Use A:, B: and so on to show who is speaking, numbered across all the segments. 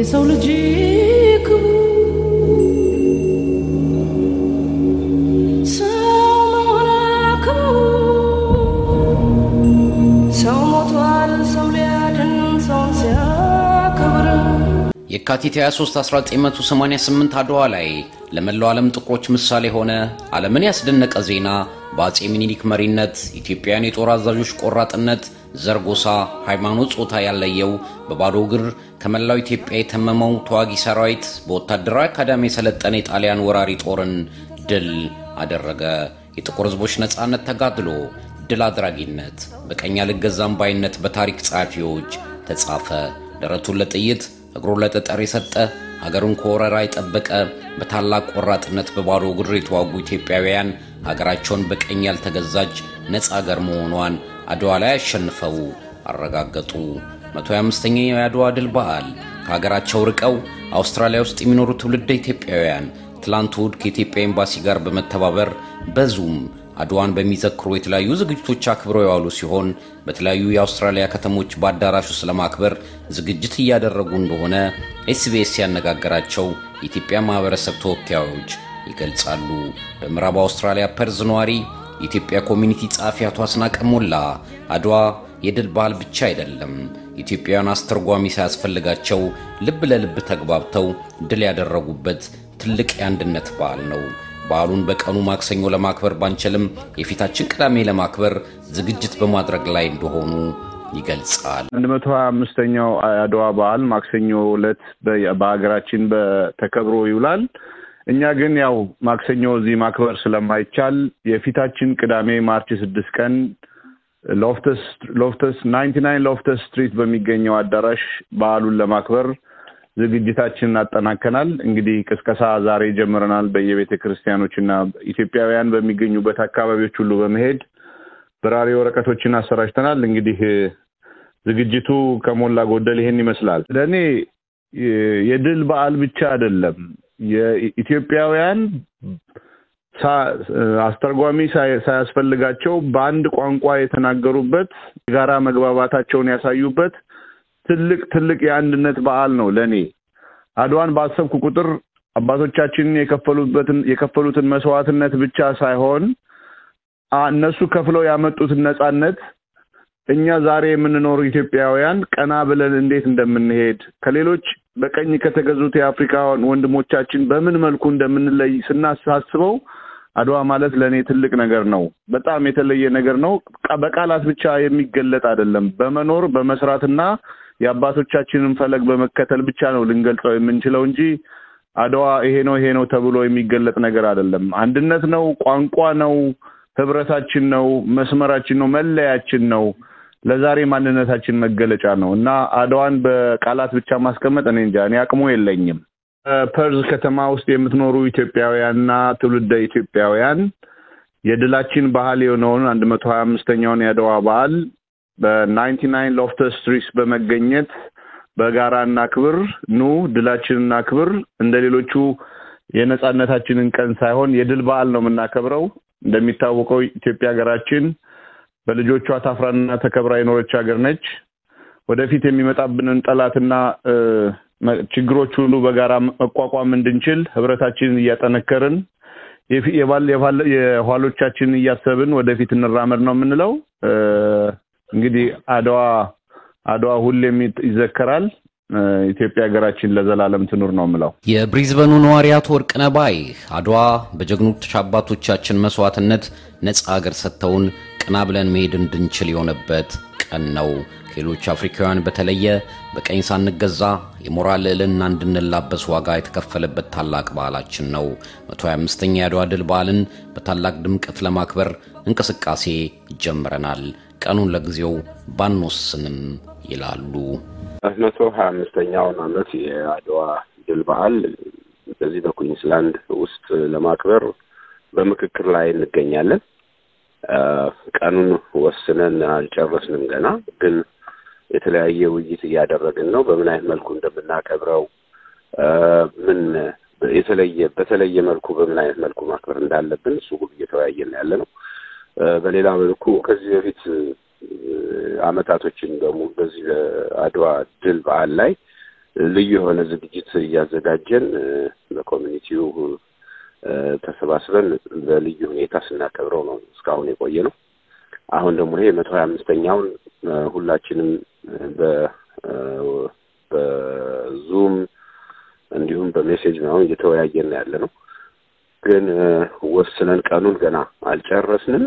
A: የሰው ልጅ ክቡር የካቲት 23 1988 አድዋ ላይ ለመላው ዓለም ጥቁሮች ምሳሌ ሆነ ዓለምን ያስደነቀ ዜና በአጼ ሚኒሊክ መሪነት ኢትዮጵያውያን የጦር አዛዦች ቆራጥነት ዘርጎሳ ሃይማኖት፣ ጾታ ያለየው በባዶ እግር ከመላው ኢትዮጵያ የተመመው ተዋጊ ሰራዊት በወታደራዊ አካዳሚ የሰለጠነ የጣሊያን ወራሪ ጦርን ድል አደረገ። የጥቁር ህዝቦች ነፃነት ተጋድሎ ድል አድራጊነት በቀኝ አልገዛም ባይነት በታሪክ ጸሐፊዎች ተጻፈ። ደረቱን ለጥይት እግሩን ለጠጠር የሰጠ ሀገሩን ከወረራ የጠበቀ በታላቅ ቆራጥነት በባዶ እግር የተዋጉ ኢትዮጵያውያን ሀገራቸውን በቀኝ ያልተገዛች ነፃ አገር መሆኗን አድዋ ላይ አሸንፈው አረጋገጡ። 125ኛው የአድዋ ድል በዓል ከሀገራቸው ርቀው አውስትራሊያ ውስጥ የሚኖሩ ትውልደ ኢትዮጵያውያን ትላንት እሁድ ከኢትዮጵያ ኤምባሲ ጋር በመተባበር በዙም አድዋን በሚዘክሩ የተለያዩ ዝግጅቶች አክብረው የዋሉ ሲሆን በተለያዩ የአውስትራሊያ ከተሞች በአዳራሹ ስለማክበር ዝግጅት እያደረጉ እንደሆነ ኤስቢኤስ ያነጋገራቸው የኢትዮጵያ ማህበረሰብ ተወካዮች ይገልጻሉ። በምዕራብ አውስትራሊያ ፐርዝ ነዋሪ የኢትዮጵያ ኮሚኒቲ ጸሐፊ አቶ አስናቀ ሞላ አድዋ የድል በዓል ብቻ አይደለም ኢትዮጵያውያን አስተርጓሚ ሳያስፈልጋቸው ልብ ለልብ ተግባብተው ድል ያደረጉበት ትልቅ የአንድነት በዓል ነው። በዓሉን በቀኑ ማክሰኞ ለማክበር ባንችልም የፊታችን ቅዳሜ ለማክበር ዝግጅት በማድረግ ላይ እንደሆኑ ይገልጻል።
B: አንድ መቶ ሀያ አምስተኛው አድዋ በዓል ማክሰኞ ዕለት በሀገራችን ተከብሮ ይውላል። እኛ ግን ያው ማክሰኞ እዚህ ማክበር ስለማይቻል የፊታችን ቅዳሜ ማርች ስድስት ቀን ሎፍተስ ናይንቲ ናይን ሎፍተስ ስትሪት በሚገኘው አዳራሽ በዓሉን ለማክበር ዝግጅታችንን አጠናከናል። እንግዲህ ቅስቀሳ ዛሬ ጀምረናል። በየቤተ ክርስቲያኖች እና ኢትዮጵያውያን በሚገኙበት አካባቢዎች ሁሉ በመሄድ በራሪ ወረቀቶችን አሰራጭተናል። እንግዲህ ዝግጅቱ ከሞላ ጎደል ይሄን ይመስላል። ለእኔ የድል በዓል ብቻ አይደለም። የኢትዮጵያውያን አስተርጓሚ ሳያስፈልጋቸው በአንድ ቋንቋ የተናገሩበት የጋራ መግባባታቸውን ያሳዩበት ትልቅ ትልቅ የአንድነት በዓል ነው። ለእኔ አድዋን ባሰብኩ ቁጥር አባቶቻችንን የከፈሉበትን የከፈሉትን መስዋዕትነት ብቻ ሳይሆን እነሱ ከፍለው ያመጡትን ነጻነት እኛ ዛሬ የምንኖሩ ኢትዮጵያውያን ቀና ብለን እንዴት እንደምንሄድ ከሌሎች በቀኝ ከተገዙት የአፍሪካ ወንድሞቻችን በምን መልኩ እንደምንለይ ስናሳስበው አድዋ ማለት ለእኔ ትልቅ ነገር ነው። በጣም የተለየ ነገር ነው። በቃላት ብቻ የሚገለጥ አይደለም። በመኖር በመስራትና የአባቶቻችንን ፈለግ በመከተል ብቻ ነው ልንገልጸው የምንችለው እንጂ አድዋ ይሄ ነው ይሄ ነው ተብሎ የሚገለጥ ነገር አይደለም። አንድነት ነው፣ ቋንቋ ነው፣ ህብረታችን ነው፣ መስመራችን ነው፣ መለያችን ነው፣ ለዛሬ ማንነታችን መገለጫ ነው እና አድዋን በቃላት ብቻ ማስቀመጥ እኔ እንጃ እኔ አቅሙ የለኝም። በፐርዝ ከተማ ውስጥ የምትኖሩ ኢትዮጵያውያንና ትውልደ ኢትዮጵያውያን የድላችን ባህል የሆነውን አንድ መቶ ሀያ አምስተኛውን የአድዋ በዓል በናይንቲ ናይን ሎፍተር ስትሪት በመገኘት በጋራ እናክብር። ኑ ድላችን እናክብር። እንደ ሌሎቹ የነጻነታችንን ቀን ሳይሆን የድል በዓል ነው የምናከብረው። እንደሚታወቀው ኢትዮጵያ ሀገራችን በልጆቿ ታፍራና ተከብራ የኖረች ሀገር ነች። ወደፊት የሚመጣብንን ጠላትና ችግሮች ሁሉ በጋራ መቋቋም እንድንችል ህብረታችንን እያጠነከርን የኋሎቻችንን እያሰብን ወደፊት እንራመድ ነው የምንለው። እንግዲህ አድዋ አድዋ ሁሌም ይዘከራል። ኢትዮጵያ ሀገራችን ለዘላለም ትኑር ነው የምለው።
A: የብሪዝበኑ ነዋሪ አቶ ወርቅነህ ባይ አድዋ በጀግኖች አባቶቻችን መስዋዕትነት ነፃ ሀገር ሰጥተውን ቅና ብለን መሄድ እንድንችል የሆነበት ቀን ነው ከሌሎች አፍሪካውያን በተለየ በቀኝ ሳንገዛ የሞራል ልዕልና እንድንላበስ ዋጋ የተከፈለበት ታላቅ በዓላችን ነው። 125ኛ የአድዋ ድል በዓልን በታላቅ ድምቀት ለማክበር እንቅስቃሴ ጀምረናል። ቀኑን ለጊዜው ባንወስንም ይላሉ።
C: መቶ ሀያ አምስተኛውን ዓመት የአድዋ ድል በዓል በዚህ በኩዊንስላንድ ውስጥ ለማክበር በምክክር ላይ እንገኛለን። ቀኑን ወስነን አልጨረስንም ገና ግን የተለያየ ውይይት እያደረግን ነው። በምን አይነት መልኩ እንደምናከብረው ምን የተለየ በተለየ መልኩ በምን አይነት መልኩ ማክበር እንዳለብን እሱ ሁሉ እየተወያየን ያለ ነው። በሌላ መልኩ ከዚህ በፊት አመታቶችን በሙሉ በዚህ አድዋ ድል በዓል ላይ ልዩ የሆነ ዝግጅት እያዘጋጀን በኮሚኒቲው ተሰባስበን በልዩ ሁኔታ ስናከብረው ነው እስካሁን የቆየ ነው። አሁን ደግሞ ይሄ መቶ ሀያ አምስተኛውን ሁላችንም በዙም እንዲሁም በሜሴጅ ነው እየተወያየን ያለ ነው። ግን ወስነን ቀኑን ገና አልጨረስንም።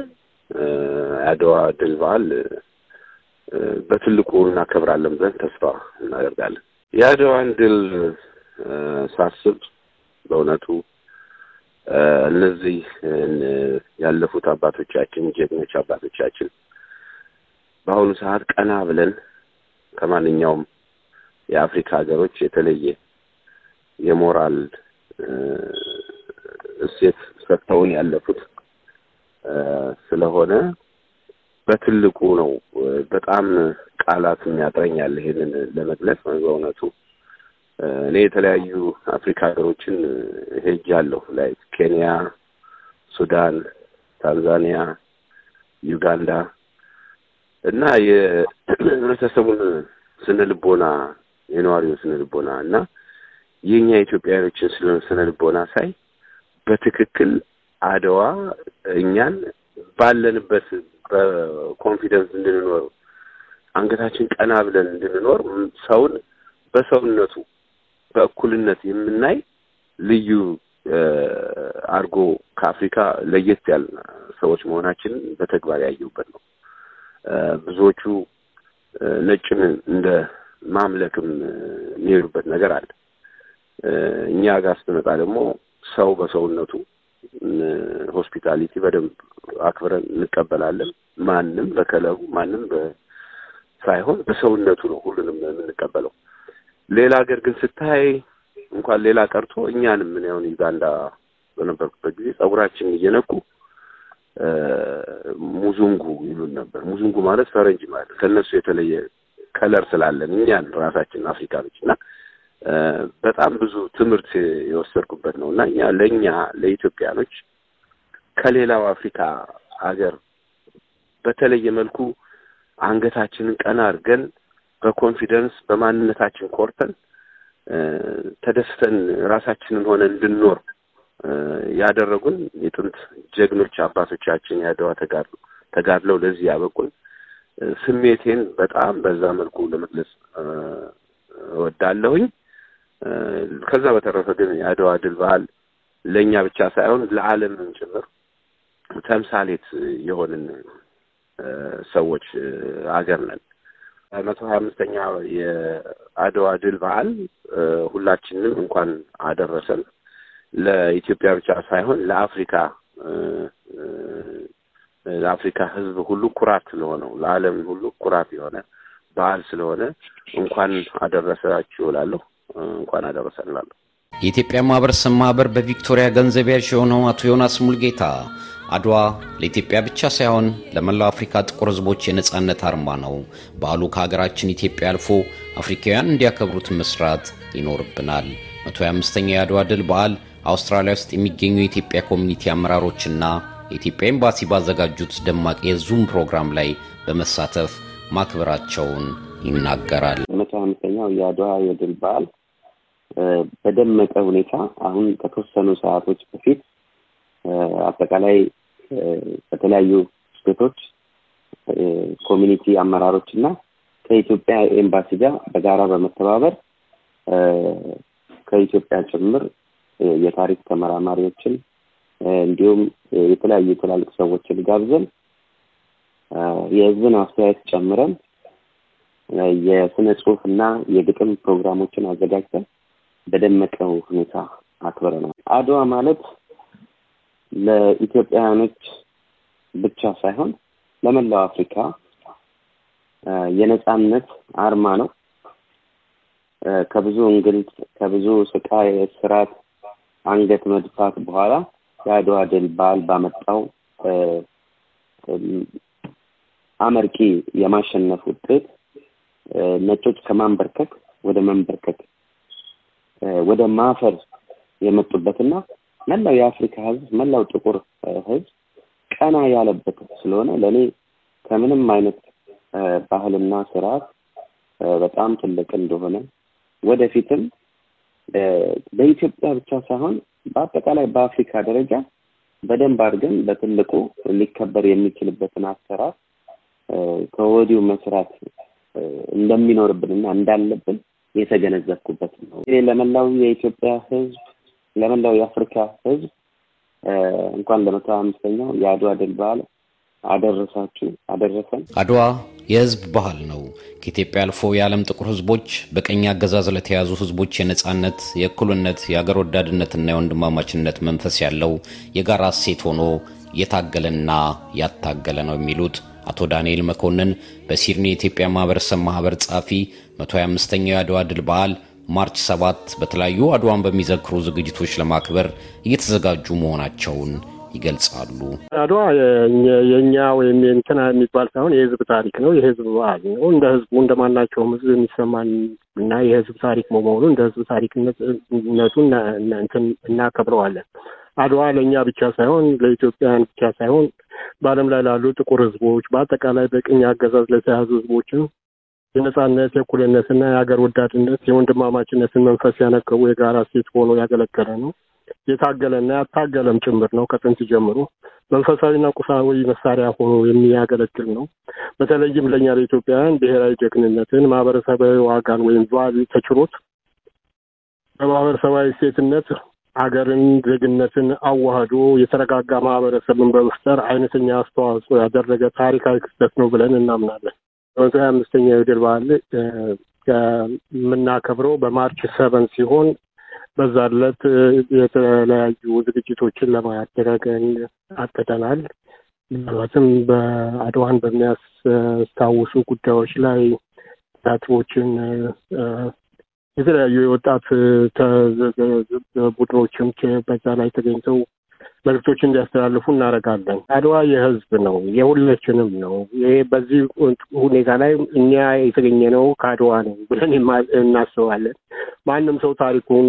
C: አድዋ ድል በዓል በትልቁ እናከብራለን ብለን ተስፋ እናደርጋለን። የአድዋን ድል ሳስብ በእውነቱ እነዚህ ያለፉት አባቶቻችን ጀግኖች አባቶቻችን በአሁኑ ሰዓት ቀና ብለን ከማንኛውም የአፍሪካ ሀገሮች የተለየ የሞራል እሴት ሰጥተውን ያለፉት ስለሆነ በትልቁ ነው። በጣም ቃላት የሚያጥረኛል ይሄንን ለመግለጽ በእውነቱ። እኔ የተለያዩ አፍሪካ ሀገሮችን ሄጃለሁ፣ ላይ ኬንያ፣ ሱዳን፣ ታንዛኒያ፣ ዩጋንዳ እና የህብረተሰቡን ስነ ልቦና የነዋሪውን ስነ ልቦና እና የእኛ ኢትዮጵያውያኖችን ስነ ልቦና ሳይ በትክክል አድዋ እኛን ባለንበት በኮንፊደንስ እንድንኖር አንገታችን ቀና ብለን እንድንኖር ሰውን በሰውነቱ በእኩልነት የምናይ ልዩ አድርጎ ከአፍሪካ ለየት ያለ ሰዎች መሆናችንን በተግባር ያየሁበት ነው። ብዙዎቹ ነጭን እንደ ማምለክም የሚሄዱበት ነገር አለ። እኛ ጋር ስትመጣ ደግሞ ሰው በሰውነቱ ሆስፒታሊቲ በደንብ አክብረን እንቀበላለን። ማንም በከለሩ ማንም ሳይሆን በሰውነቱ ነው ሁሉንም የምንቀበለው። ሌላ ሀገር ግን ስታይ እንኳን ሌላ ቀርቶ እኛንም ምን ያሁን ዩጋንዳ በነበርኩበት ጊዜ ጸጉራችን እየነኩ ሙዙንጉ ይሉን ነበር። ሙዙንጉ ማለት ፈረንጅ ማለት ከእነሱ የተለየ ከለር ስላለን እኛን ራሳችን አፍሪካኖች እና በጣም ብዙ ትምህርት የወሰድኩበት ነው እና እኛ ለእኛ ለኢትዮጵያኖች ከሌላው አፍሪካ ሀገር በተለየ መልኩ አንገታችንን ቀና አድርገን በኮንፊደንስ በማንነታችን ኮርተን ተደስተን ራሳችንን ሆነ እንድንኖር ያደረጉን የጥንት ጀግኖች አባቶቻችን ያድዋ ተጋድሎ ተጋድለው ለዚህ ያበቁን ስሜቴን በጣም በዛ መልኩ ለመግለጽ እወዳለሁኝ። ከዛ በተረፈ ግን የአድዋ ድል በዓል ለእኛ ብቻ ሳይሆን ለዓለምም ጭምር ተምሳሌት የሆንን ሰዎች አገር ነን። መቶ ሀያ አምስተኛ የአድዋ ድል በዓል ሁላችንም እንኳን አደረሰን። ለኢትዮጵያ ብቻ ሳይሆን ለአፍሪካ ለአፍሪካ ሕዝብ ሁሉ ኩራት ለሆነው ለዓለም ሁሉ ኩራት የሆነ በዓል ስለሆነ እንኳን አደረሳችሁ እላለሁ። እንኳን አደረሰን
A: እላለሁ። የኢትዮጵያ ማህበረሰብ ማህበር በቪክቶሪያ ገንዘብ ያዥ የሆነው አቶ ዮናስ ሙልጌታ አድዋ ለኢትዮጵያ ብቻ ሳይሆን ለመላው አፍሪካ ጥቁር ህዝቦች የነጻነት አርማ ነው። በዓሉ ከሀገራችን ኢትዮጵያ አልፎ አፍሪካውያን እንዲያከብሩት መስራት ይኖርብናል። 125ኛ የአድዋ ድል በዓል አውስትራሊያ ውስጥ የሚገኙ የኢትዮጵያ ኮሚኒቲ አመራሮችና የኢትዮጵያ ኤምባሲ ባዘጋጁት ደማቅ የዙም ፕሮግራም ላይ በመሳተፍ ማክበራቸውን ይናገራል።
D: መቶ አምስተኛው የአድዋ የድል በዓል በደመቀ ሁኔታ አሁን ከተወሰኑ ሰዓቶች በፊት አጠቃላይ በተለያዩ ስቴቶች ኮሚኒቲ አመራሮች እና ከኢትዮጵያ ኤምባሲ ጋር በጋራ በመተባበር ከኢትዮጵያ ጭምር የታሪክ ተመራማሪዎችን እንዲሁም የተለያዩ ትላልቅ ሰዎችን ጋብዘን የህዝብን አስተያየት ጨምረን የስነ ጽሁፍና የግጥም ፕሮግራሞችን አዘጋጅተን በደመቀው ሁኔታ አክብረናል። አድዋ ማለት ለኢትዮጵያውያኖች ብቻ ሳይሆን ለመላው አፍሪካ የነጻነት አርማ ነው። ከብዙ እንግልት፣ ከብዙ ስቃይ፣ ስርዓት አንገት መድፋት በኋላ የአድዋ ድል በዓል ባመጣው አመርቂ የማሸነፍ ውጤት ነጮች ከማንበርከክ ወደ መንበርከክ ወደ ማፈር የመጡበትና መላው የአፍሪካ ህዝብ መላው ጥቁር ህዝብ ቀና ያለበት ስለሆነ ለእኔ ከምንም አይነት ባህልና ስርዓት በጣም ትልቅ እንደሆነ ወደፊትም በኢትዮጵያ ብቻ ሳይሆን በአጠቃላይ በአፍሪካ ደረጃ በደንብ አድርገን በትልቁ ሊከበር የሚችልበትን አሰራር ከወዲሁ መስራት እንደሚኖርብንና እንዳለብን የተገነዘብኩበት ነው። እኔ ለመላው የኢትዮጵያ ህዝብ ለመላው የአፍሪካ ህዝብ እንኳን ለመቶ አምስተኛው የአድዋ ድል በዓል አደረሳችሁ አደረሰን።
A: አድዋ የህዝብ ባህል ነው። ከኢትዮጵያ አልፎ የዓለም ጥቁር ህዝቦች በቀኝ አገዛዝ ለተያዙ ህዝቦች የነፃነት፣ የእኩልነት፣ የአገር ወዳድነትና የወንድማማችነት መንፈስ ያለው የጋራ እሴት ሆኖ የታገለና ያታገለ ነው የሚሉት አቶ ዳንኤል መኮንን በሲድኒ የኢትዮጵያ ማህበረሰብ ማህበር ጸሐፊ፣ 125ኛው የአድዋ ድል በዓል ማርች 7 በተለያዩ አድዋን በሚዘክሩ ዝግጅቶች ለማክበር እየተዘጋጁ መሆናቸውን ይገልጻሉ።
E: አድዋ የእኛ ወይም የእንትና የሚባል ሳይሆን የህዝብ ታሪክ ነው፣ የህዝብ በዓል ነው። እንደ ህዝቡ እንደማናቸውም ህዝብ የሚሰማን እና የህዝብ ታሪክ መሆኑ እንደ ህዝብ ታሪክነቱ እናከብረዋለን። አድዋ ለእኛ ብቻ ሳይሆን ለኢትዮጵያውያን ብቻ ሳይሆን በዓለም ላይ ላሉ ጥቁር ህዝቦች በአጠቃላይ በቅኝ አገዛዝ ለተያዙ ህዝቦችም የነጻነት የእኩልነትና የሀገር ወዳድነት የወንድማማችነትን መንፈስ ያነገቡ የጋራ ሴት ሆኖ ያገለገለ ነው። የታገለና ያታገለም ጭምር ነው። ከጥንት ጀምሮ መንፈሳዊና ቁሳዊ መሳሪያ ሆኖ የሚያገለግል ነው። በተለይም ለእኛ ለኢትዮጵያውያን ብሔራዊ ጀግንነትን፣ ማህበረሰባዊ ዋጋን ወይም ቫልዩ ተችሮት በማህበረሰባዊ ሴትነት ሀገርን፣ ዜግነትን አዋህዶ የተረጋጋ ማህበረሰብን በመፍጠር አይነተኛ አስተዋጽኦ ያደረገ ታሪካዊ ክስተት ነው ብለን እናምናለን። በመቶ ሀያ አምስተኛ የድል በዓል የምናከብረው በማርች ሰቨን ሲሆን በዛ ዕለት የተለያዩ ዝግጅቶችን ለማድረግ አቅደናል። ምናልባትም በአድዋን በሚያስታውሱ ጉዳዮች ላይ ተሳትፎችን የተለያዩ የወጣት ቡድኖችም በዛ ላይ ተገኝተው መልዕክቶችን እንዲያስተላልፉ እናደርጋለን። አድዋ የህዝብ ነው፣ የሁላችንም ነው። ይሄ በዚህ ሁኔታ ላይ እኛ የተገኘ ነው ከአድዋ ነው ብለን እናስባለን። ማንም ሰው ታሪኩን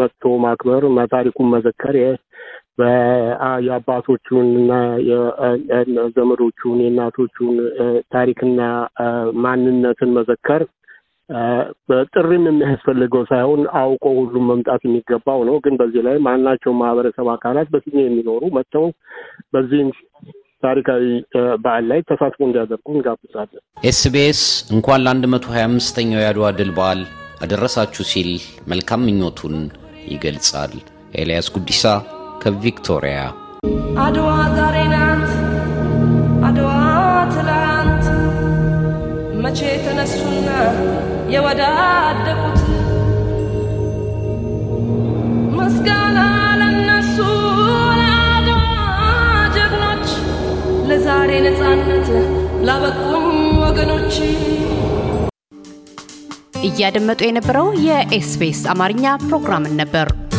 E: መጥቶ ማክበር ታሪኩን መዘከር የአባቶቹን እና ዘመዶቹን የእናቶቹን ታሪክና ማንነትን መዘከር በጥሪም የሚያስፈልገው ሳይሆን አውቆ ሁሉም መምጣት የሚገባው ነው። ግን በዚህ ላይ ማናቸው ማህበረሰብ አካላት በስኛ የሚኖሩ መጥተው በዚህ ታሪካዊ በዓል ላይ ተሳትፎ እንዲያደርጉ እንጋብዛለን።
A: ኤስቢኤስ እንኳን ለአንድ መቶ ሀያ አምስተኛው የአድዋ ድል በዓል አደረሳችሁ ሲል መልካም ምኞቱን ይገልጻል። ኤልያስ ጉዲሳ ከቪክቶሪያ
B: አድዋ ዛሬ ናት፣ አድዋ ትላንት መቼ ተነሱና የወዳደቁት
A: ምስጋና ለነሱ ለአድዋ ጀግኖች፣ ለዛሬ ነፃነት ላበቁኝ ወገኖች። እያደመጡ የነበረው የኤስቢኤስ አማርኛ ፕሮግራምን ነበር።